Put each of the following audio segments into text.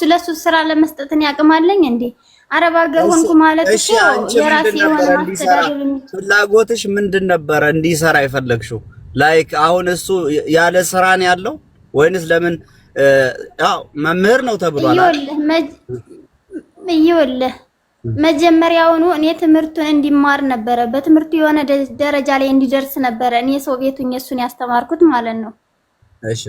ስለሱ ስራ ለመስጠት እኔ አቅም አለኝ እንዴ? አረብ ሀገር ሆንኩ ማለት እሺ። አንቺ የራሴ የሆነ ማስተዳደር ፍላጎትሽ ምንድን ነበረ? እንዲሰራ የፈለግሽው ላይክ አሁን እሱ ያለ ስራ ነው ያለው ወይንስ ለምን? ያው መምህር ነው ተብሏል። ይኸውልህ መጀመሪያውኑ እኔ ትምህርቱን እንዲማር ነበረ፣ በትምህርቱ የሆነ ደረጃ ላይ እንዲደርስ ነበረ እኔ ሶቪየቱን እሱን ያስተማርኩት ማለት ነው። እሺ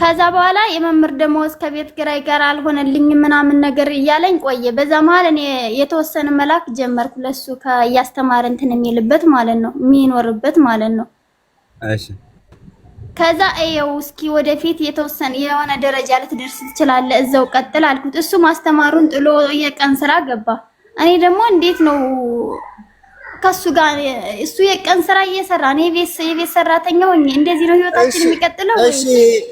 ከዛ በኋላ የመምህር ደሞዝ ከቤት ኪራይ ጋር አልሆነልኝ ምናምን ነገር እያለኝ ቆየ። በዛ መሀል እኔ የተወሰነ መላክ ጀመርኩ ለሱ እያስተማረ እንትን የሚልበት ማለት ነው የሚኖርበት ማለት ነው። እሺ ከዛ ይኸው እስኪ ወደፊት የተወሰነ የሆነ ደረጃ ልትደርስ ትችላለህ፣ እዛው ቀጥል አልኩት። እሱ ማስተማሩን ጥሎ የቀን ስራ ገባ። እኔ ደግሞ እንዴት ነው ከሱ ጋር እሱ የቀን ስራ እየሰራ ነው፣ የቤት ሰራተኛ ሆኜ እንደዚህ ነው ህይወታችን የሚቀጥለው። እሺ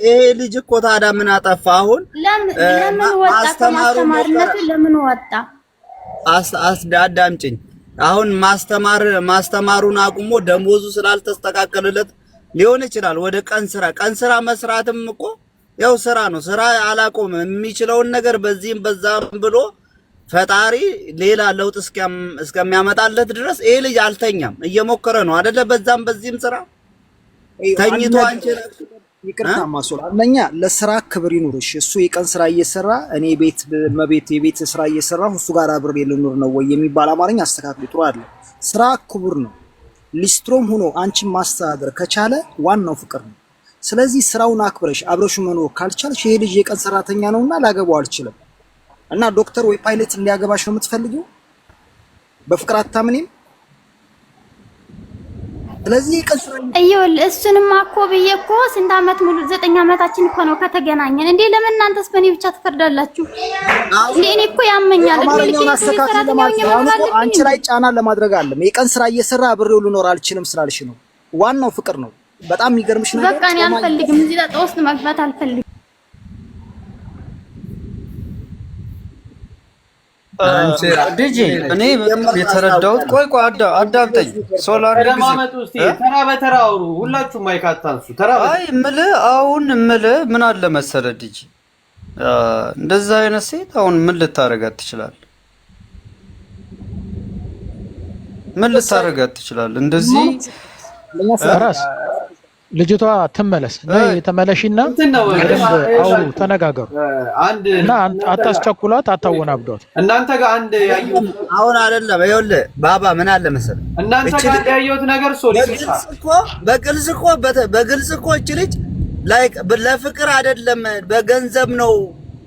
ይሄ ልጅ እኮ ታዲያ ምን አጠፋ? አሁን ለምን ወጣ? ማስተማርነቱ ለምን ወጣ? አስ አስ አዳምጪኝ። አሁን ማስተማር ማስተማሩን አቁሞ ደሞዙ ስላልተስተካከለለት ሊሆን ይችላል ወደ ቀን ስራ። ቀን ስራ መስራትም እኮ ያው ስራ ነው። ስራ አላቆም የሚችለውን ነገር በዚህም በዛም ብሎ ፈጣሪ ሌላ ለውጥ እስከሚያመጣለት ድረስ ይሄ ልጅ አልተኛም፣ እየሞከረ ነው አደለ? በዛም በዚህም ስራ ተኝቶ አንቺ ይቅርታ ማሶል አንደኛ ለስራ ክብር ይኑርሽ። እሱ የቀን ስራ እየሰራ እኔ ቤት መቤት የቤት ስራ እየሰራ እሱ ጋር አብሬ ልኑር ነው ወይ የሚባል አማርኛ አስተካክሉ። ጥሩ አለ። ስራ ክቡር ነው። ሊስትሮም ሆኖ አንቺን ማስተዳደር ከቻለ ዋናው ፍቅር ነው። ስለዚህ ስራውን አክብረሽ አብረሹ መኖር ካልቻልሽ ይሄ ልጅ የቀን ሰራተኛ ነውና ላገባው አልችልም እና ዶክተር ወይ ፓይለት እንዲያገባሽ ነው የምትፈልጊው? በፍቅር አታምኒም? ስለዚህ ይቀጥላል። ይኸውልህ እሱንማ እኮ ብዬ እኮ ስንት ዓመት ሙሉ ዘጠኝ አመታችን እኮ ነው ከተገናኘን። እንዴ ለምን እናንተስ በእኔ ብቻ ትፈርዳላችሁ? እኔ እኮ ያመኛል። አንቺ ላይ ጫና ለማድረግ አለም የቀን ስራ እየሰራ አብሬው ልኖር አልችልም ስላልሽ ነው። ዋናው ፍቅር ነው። በጣም የሚገርምሽ ነው። በቃ እኔ አልፈልግም። እዚህ ጣጣ ውስጥ መግባት አልፈልግም። ዲጂ እኔ የተረዳሁት ቆይ ቆይ አዳምጠኝ። ሶላር ተራ በተራ አውሩ ሁላችሁ ማይክ አታንሱ። ተራ አይ እምልህ አሁን እምልህ ምን አለ መሰለህ ዲጂ እንደዛ አይነት ሴት አሁን ምን ልታረጋት ትችላለህ? ምን ልታረጋት ትችላለህ? እንደዚህ ራስ ልጅቷ ትመለስ ተመለሽና አውሩ ተነጋገሩ እና አታስቸኩሏት፣ አታወናብዷት። እናንተ ጋር አንድ ያየሁት አሁን አይደለም። ይኸውልህ ባባ ምን አለ መሰለህ፣ እናንተ ጋር ያየሁት ነገር በግልጽ እኮ በግልጽ እኮ እች ልጅ ለፍቅር አይደለም በገንዘብ ነው።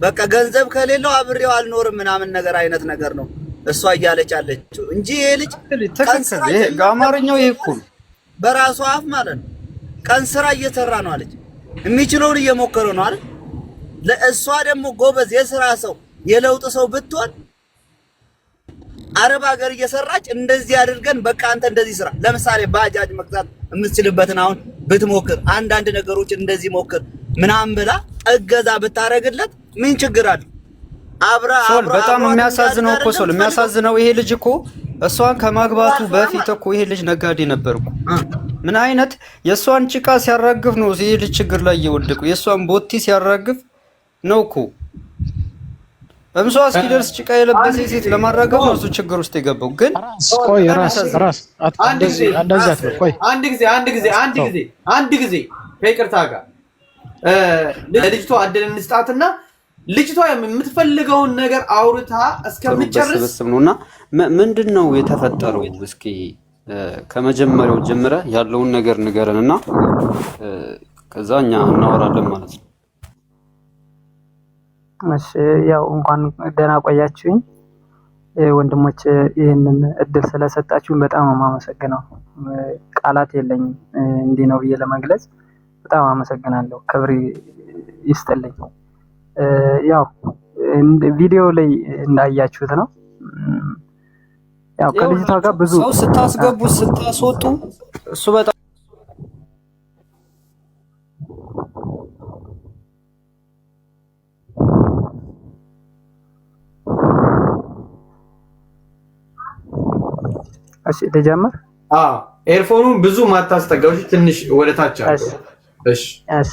በቃ ገንዘብ ከሌለው አብሬው አልኖርም ምናምን ነገር አይነት ነገር ነው እሷ እያለች አለችው እንጂ ይሄ ልጅ ትክክል። አማርኛው ይሄ እኮ በራሷ አፍ ማለት ነው ቀን ስራ እየሰራ ነው አለች። የሚችለውን እየሞከረ ነው አይደል? ለእሷ ደግሞ ጎበዝ የስራ ሰው የለውጥ ሰው ብትሆን አረብ ሀገር እየሰራች እንደዚህ አድርገን በቃ አንተ እንደዚህ ስራ፣ ለምሳሌ ባጃጅ መግዛት የምትችልበትን አሁን ብትሞክር፣ አንዳንድ ነገሮችን እንደዚህ ሞክር ምናምን ብላ እገዛ ብታደርግለት ምን ችግር አለ? አብራ አብራ በጣም የሚያሳዝነው እኮ ሶል የሚያሳዝነው ይሄ ልጅ እኮ እሷን ከማግባቱ በፊት እኮ ይሄ ልጅ ነጋዴ ነበርኩ። ምን አይነት የእሷን ጭቃ ሲያራግፍ ነው ይሄ ልጅ ችግር ላይ እየወደቁ፣ የእሷን ቦቲ ሲያራግፍ ነው እኮ እምሷ እስኪደርስ ጭቃ የለበሰ ሴት ለማራገፍ ነው እሱ ችግር ውስጥ የገባው። ግን ቆይ ራስ ራስ አንድ ጊዜ አንድ ጊዜ አንድ ጊዜ አንድ ጊዜ አንድ ጊዜ ከይቅርታ ጋር ለልጅቷ አደለን እንስጣትና ልጅቷ የምትፈልገውን ነገር አውርታ እስከምጨርስ ነውና፣ ምንድን ነው የተፈጠረው? እስኪ ከመጀመሪያው ጀምረ ያለውን ነገር ንገረን እና ከዛ እኛ እናወራለን ማለት ነው። እሺ ያው እንኳን ደህና ቆያችሁኝ ወንድሞች፣ ይህንን እድል ስለሰጣችሁኝ በጣም ነው የማመሰግነው። ቃላት የለኝም እንዲህ ነው ብዬ ለመግለጽ በጣም አመሰግናለሁ። ክብር ይስጥልኝ። ያው ቪዲዮ ላይ እንዳያችሁት ነው። ያው ከልጅቷ ጋር ብዙ ሰው ስታስገቡ ስታስወጡ እሱ በጣም እሺ፣ ተጀመር። አዎ ኤርፎኑን ብዙ ማታስጠጋው ትንሽ ወደ ታች አለ። እሺ፣ እሺ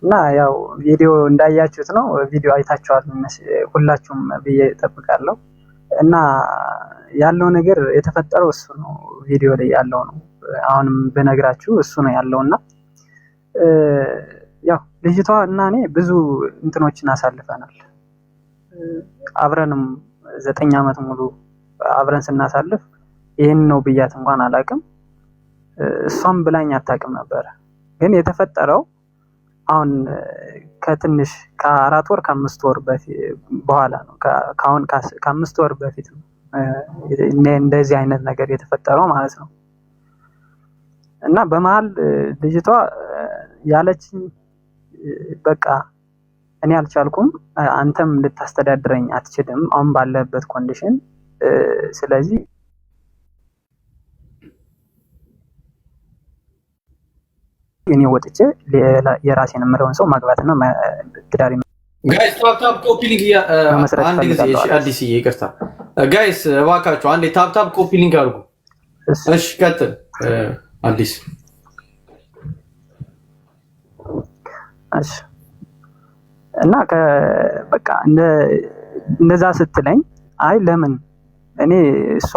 እና ያው ቪዲዮ እንዳያችሁት ነው። ቪዲዮ አይታችኋል ሁላችሁም ብዬ እጠብቃለሁ። እና ያለው ነገር የተፈጠረው እሱ ነው፣ ቪዲዮ ላይ ያለው ነው። አሁንም ብነግራችሁ እሱ ነው ያለው እና ያው ልጅቷ እና እኔ ብዙ እንትኖችን አሳልፈናል። አብረንም ዘጠኝ ዓመት ሙሉ አብረን ስናሳልፍ ይህን ነው ብያት እንኳን አላውቅም። እሷም ብላኝ አታውቅም ነበረ። ግን የተፈጠረው አሁን ከትንሽ ከአራት ወር ከአምስት ወር በኋላ ነው። ከአሁን ከአምስት ወር በፊት ነው እንደዚህ አይነት ነገር የተፈጠረው ማለት ነው። እና በመሀል ልጅቷ ያለችኝ በቃ እኔ አልቻልኩም፣ አንተም ልታስተዳድረኝ አትችልም አሁን ባለበት ኮንዲሽን ስለዚህ እኔ ወጥቼ የራሴን የምለውን ሰው ማግባትና ትዳሪ ጋይስ ይቅርታ፣ ጋይስ እባካችሁ አንዴ ታፕታፕ አድርጉ። እሺ ቀጥል አዲስ። እሺ እና በቃ እንደዛ ስትለኝ አይ ለምን እኔ እሷ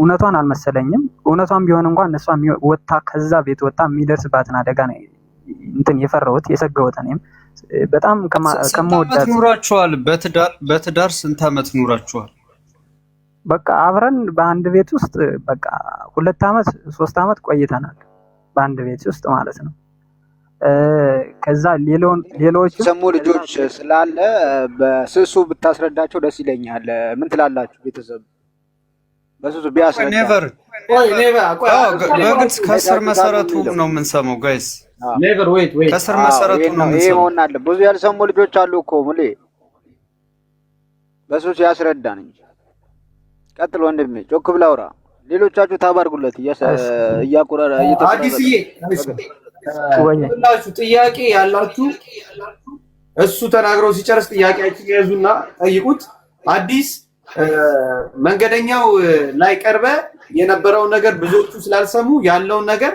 እውነቷን አልመሰለኝም። እውነቷን ቢሆን እንኳን እሷ ወታ ከዛ ቤት ወጣ የሚደርስባትን አደጋ ነው እንትን የፈራሁት የሰጋሁት። እኔም በጣም ከመወዳት ኑራችኋል። በትዳር ስንት ዓመት ኑራችኋል? በቃ አብረን በአንድ ቤት ውስጥ በቃ ሁለት ዓመት ሶስት ዓመት ቆይተናል በአንድ ቤት ውስጥ ማለት ነው። ከዛ ሌሎች ሰሙ ልጆች ስላለ በስሱ ብታስረዳቸው ደስ ይለኛል። ምን ትላላችሁ ቤተሰብ? Oh, ከስር መሰረቱ ነው የምንሰማው። ጋይስ ah. ከስር ah, መሰረቱ ነው ብዙ ያልሰሙ ልጆች አሉ እኮ ሙሌ በሱስ ያስረዳን እንጂ። ቀጥል ወንድሜ፣ ጮክ ብለህ አውራ። ሌሎቻችሁ ታባርጉለት አዲስዬ፣ ሁላችሁ ጥያቄ ያላችሁ እሱ ተናግረው ሲጨርስ ጥያቄያችን የያዙና ጠይቁት አዲስ መንገደኛው ላይ ቀርበ የነበረውን ነገር ብዙዎቹ ስላልሰሙ ያለውን ነገር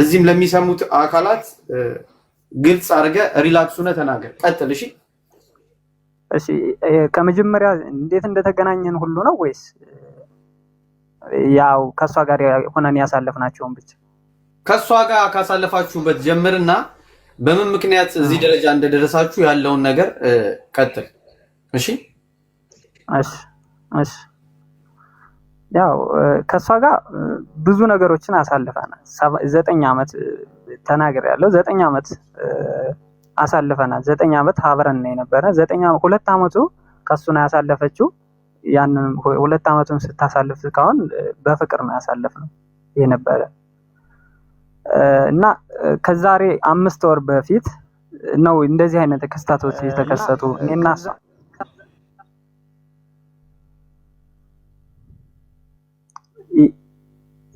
እዚህም ለሚሰሙት አካላት ግልጽ አድርገ ሪላክስ ሆነ ተናገር። ቀጥል። እሺ፣ እሺ። ከመጀመሪያ እንዴት እንደተገናኘን ሁሉ ነው ወይስ ያው ከእሷ ጋር ሆነን ያሳለፍናቸውን ብቻ? ከእሷ ጋር ካሳለፋችሁበት ጀምርና በምን ምክንያት እዚህ ደረጃ እንደደረሳችሁ ያለውን ነገር ቀጥል። እሺ እሺ እሺ ያው ከእሷ ጋር ብዙ ነገሮችን አሳልፈናል። ዘጠኝ ዓመት ተናግር ያለው ዘጠኝ ዓመት አሳልፈናል። ዘጠኝ ዓመት አብረን ነው የነበረ። ዘጠኝ ሁለት ዓመቱ ከሱ ነው ያሳለፈችው። ያንን ሁለት ዓመቱን ስታሳልፍ እስካሁን በፍቅር ነው ያሳለፍነው የነበረ እና ከዛሬ አምስት ወር በፊት ነው እንደዚህ አይነት ክስተቶች የተከሰቱ እኔና እሷ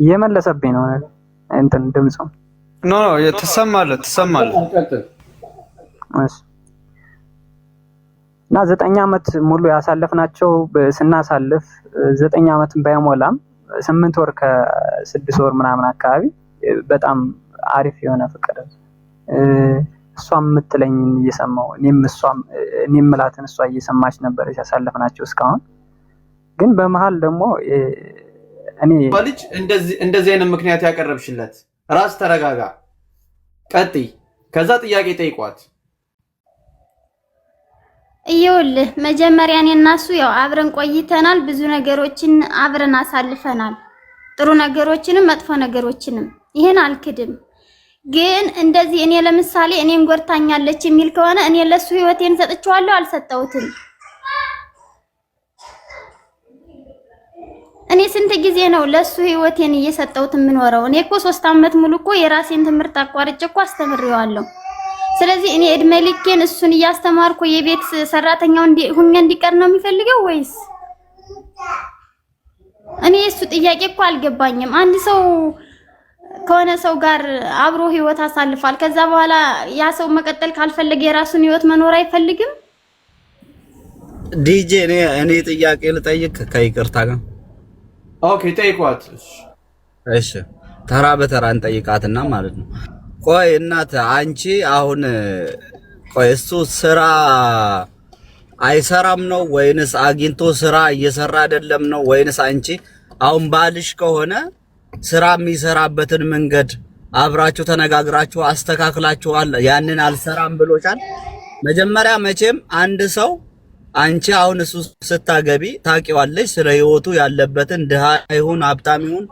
እየመለሰብኝ ነው እንትን ድምፁ ኖ ኖ ትሰማለህ ትሰማለህ። እና ዘጠኝ አመት ሙሉ ያሳለፍናቸው ስናሳልፍ ዘጠኝ አመትን ባይሞላም ስምንት ወር ከስድስት ወር ምናምን አካባቢ በጣም አሪፍ የሆነ ፍቅር እሷም የምትለኝን እየሰማው እኔም እሷም እሷ እየሰማች ነበረች ያሳለፍናቸው እስካሁን ግን በመሀል ደግሞ ልጅ እንደዚህ አይነት ምክንያት ያቀረብሽለት ራስ ተረጋጋ፣ ቀጥይ። ከዛ ጥያቄ ጠይቋት። ይኸውልህ መጀመሪያ እኔ እና እሱ ያው አብረን ቆይተናል። ብዙ ነገሮችን አብረን አሳልፈናል፣ ጥሩ ነገሮችንም መጥፎ ነገሮችንም። ይህን አልክድም። ግን እንደዚህ እኔ ለምሳሌ እኔን ጎርታኛለች የሚል ከሆነ እኔ ለሱ ህይወቴን ሰጥቼዋለሁ? አልሰጠሁትም። እኔ ስንት ጊዜ ነው ለሱ ህይወቴን እየሰጠሁት የምኖረው? እኔ እኮ ሶስት አመት ሙሉ እኮ የራሴን ትምህርት አቋርጬ እኮ አስተምሬዋለሁ። ስለዚህ እኔ እድሜ ልኬን እሱን እያስተማርኩ የቤት ሰራተኛው ሁኛ እንዲቀር ነው የሚፈልገው ወይስ? እኔ እሱ ጥያቄ እኮ አልገባኝም። አንድ ሰው ከሆነ ሰው ጋር አብሮ ህይወት አሳልፏል። ከዛ በኋላ ያ ሰው መቀጠል ካልፈለገ የራሱን ህይወት መኖር አይፈልግም። ዲጄ እኔ እኔ ጥያቄ ልጠይቅ ከይቅርታ ጋር ኦኬ ጠይቋት። እሺ ተራ በተራ እንጠይቃትና ማለት ነው። ቆይ እናት አንቺ አሁን ቆይ እሱ ስራ አይሰራም ነው ወይንስ አግኝቶ ስራ እየሰራ አይደለም ነው ወይንስ አንቺ አሁን ባልሽ ከሆነ ስራ የሚሰራበትን መንገድ አብራችሁ ተነጋግራችሁ አስተካክላችኋል? ያንን አልሰራም ብሎሻል። መጀመሪያ መቼም አንድ ሰው አንቺ አሁን እሱ ስታገቢ ታውቂዋለሽ። ስለ ህይወቱ ያለበትን ድሃ ይሁን ሀብታም ይሁን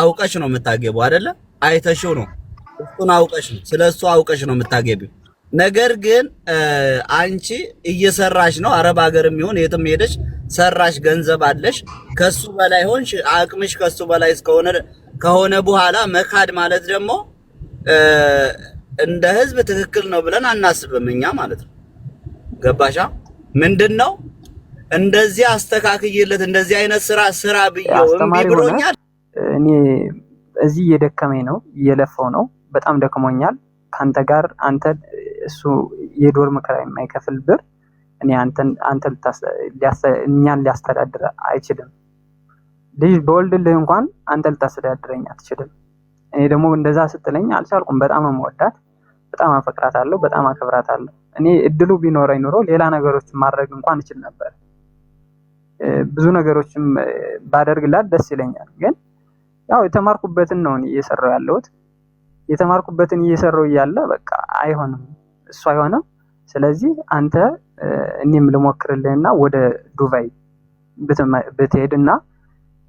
አውቀሽ ነው የምታገቢው አይደለ? አይተሽው ነው እሱን አውቀሽ ነው ስለ እሱ አውቀሽ ነው የምታገቢው። ነገር ግን አንቺ እየሰራሽ ነው፣ አረብ ሀገርም ይሁን የትም ሄደሽ ሰራሽ፣ ገንዘብ አለሽ፣ ከሱ በላይ ሆንሽ፣ አቅምሽ ከሱ በላይ እስከሆነ ከሆነ በኋላ መካድ ማለት ደግሞ እንደ ህዝብ ትክክል ነው ብለን አናስብም እኛ ማለት ነው። ገባሻ? ምንድን ነው እንደዚህ አስተካክይለት እንደዚህ አይነት ስራ ስራ ብዬው እምቢ ብሎኛል። እኔ እዚህ እየደከመኝ ነው እየለፈው ነው በጣም ደክሞኛል። ከአንተ ጋር አንተ እሱ የዶር ምክራ የማይከፍል ብር እኔ እኛን ሊያስተዳድር አይችልም። ልጅ በወልድልህ እንኳን አንተ ልታስተዳድረኝ አትችልም። እኔ ደግሞ እንደዛ ስትለኝ አልቻልኩም። በጣም ነው የምወዳት በጣም አፈቅራታለሁ፣ በጣም አከብራታለሁ። እኔ እድሉ ቢኖረኝ ኑሮ ሌላ ነገሮችን ማድረግ እንኳን እችል ነበር። ብዙ ነገሮችም ባደርግላት ደስ ይለኛል። ግን ያው የተማርኩበትን ነው እየሰራው ያለሁት። የተማርኩበትን እየሰራው እያለ በቃ አይሆንም፣ እሱ አይሆንም። ስለዚህ አንተ እኔም ልሞክርልህና ወደ ዱባይ ብትሄድና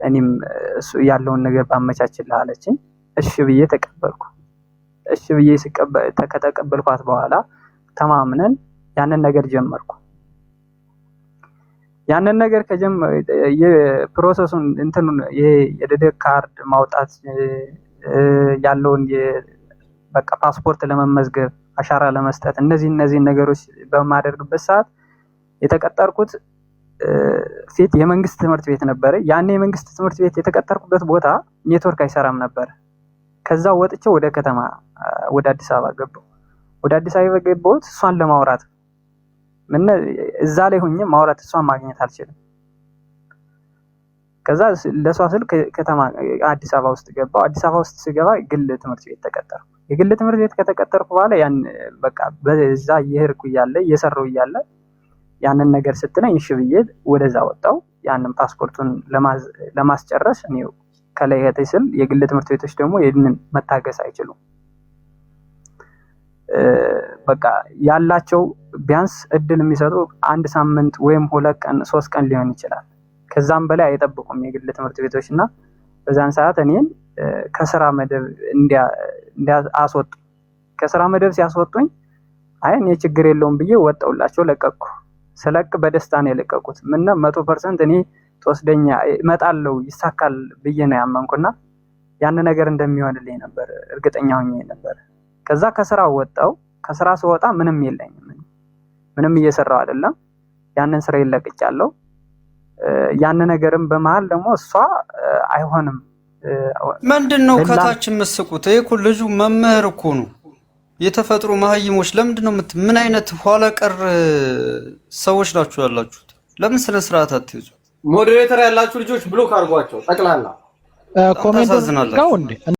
እኔም እሱ ያለውን ነገር ባመቻችልህ አለችኝ። እሺ ብዬ ተቀበልኩ። እሺ ብዬ ከተቀበልኳት በኋላ ተማምነን ያንን ነገር ጀመርኩ። ያንን ነገር ከጀመረ የፕሮሰሱን እንትኑን ይሄ የልደት ካርድ ማውጣት ያለውን በቃ ፓስፖርት ለመመዝገብ አሻራ ለመስጠት እነዚህ እነዚህ ነገሮች በማደርግበት ሰዓት የተቀጠርኩት ፊት የመንግስት ትምህርት ቤት ነበረ። ያኔ የመንግስት ትምህርት ቤት የተቀጠርኩበት ቦታ ኔትወርክ አይሰራም ነበር። ከዛ ወጥቼ ወደ ከተማ ወደ አዲስ አበባ ገባሁ። ወደ አዲስ አበባ ገባሁት እሷን ለማውራት ምን እዛ ላይ ሆኜ ማውራት እሷን ማግኘት አልችልም። ከዛ ለሷ ስል ከተማ አዲስ አበባ ውስጥ ገባሁ። አዲስ አበባ ውስጥ ስገባ ግል ትምህርት ቤት ተቀጠርኩ። የግል ትምህርት ቤት ከተቀጠርኩ በኋላ ያን በቃ በዛ እየሄድኩ እያለ እየሰራሁ እያለ ያንን ነገር ስትለኝ እሺ ብዬ ወደዛ ወጣሁ። ያንን ፓስፖርቱን ለማስጨረስ እኔ ከላይ እህቴ ስል የግል ትምህርት ቤቶች ደግሞ ይህንን መታገስ አይችሉም። በቃ ያላቸው ቢያንስ እድል የሚሰጡ አንድ ሳምንት ወይም ሁለት ቀን ሶስት ቀን ሊሆን ይችላል። ከዛም በላይ አይጠብቁም የግል ትምህርት ቤቶች እና በዛን ሰዓት እኔን ከስራ መደብ አስወጡ። ከስራ መደብ ሲያስወጡኝ አይ እኔ ችግር የለውም ብዬ ወጣውላቸው ለቀቅኩ። ስለቅ በደስታ ነው የለቀቁት። ምነው መቶ ፐርሰንት እኔ ትወስደኛ እመጣለሁ ይሳካል ብዬ ነው ያመንኩና ያን ነገር እንደሚሆንልኝ ነበር እርግጠኛ ሆኜ ነበር። ከዛ ከስራ ወጣው። ከስራ ስወጣ ምንም የለኝም፣ ምንም እየሰራው አይደለም። ያንን ስራ ይለቅጫለሁ። ያን ነገርም በመሀል ደግሞ እሷ አይሆንም ምንድን ነው ከታች የምስቁት? እኮ ልጁ መምህር እኮ ነው። የተፈጥሮ መሀይሞች ለምንድን ነው ምን አይነት ኋላ ቀር ሰዎች ናችሁ ያላችሁት? ለምን ስነ ስርዓት አትይዙ? ሞዴሬተር ያላችሁ ልጆች ብሎክ አድርጓቸው ጠቅላላ ኮሜንት ነው እንዴ?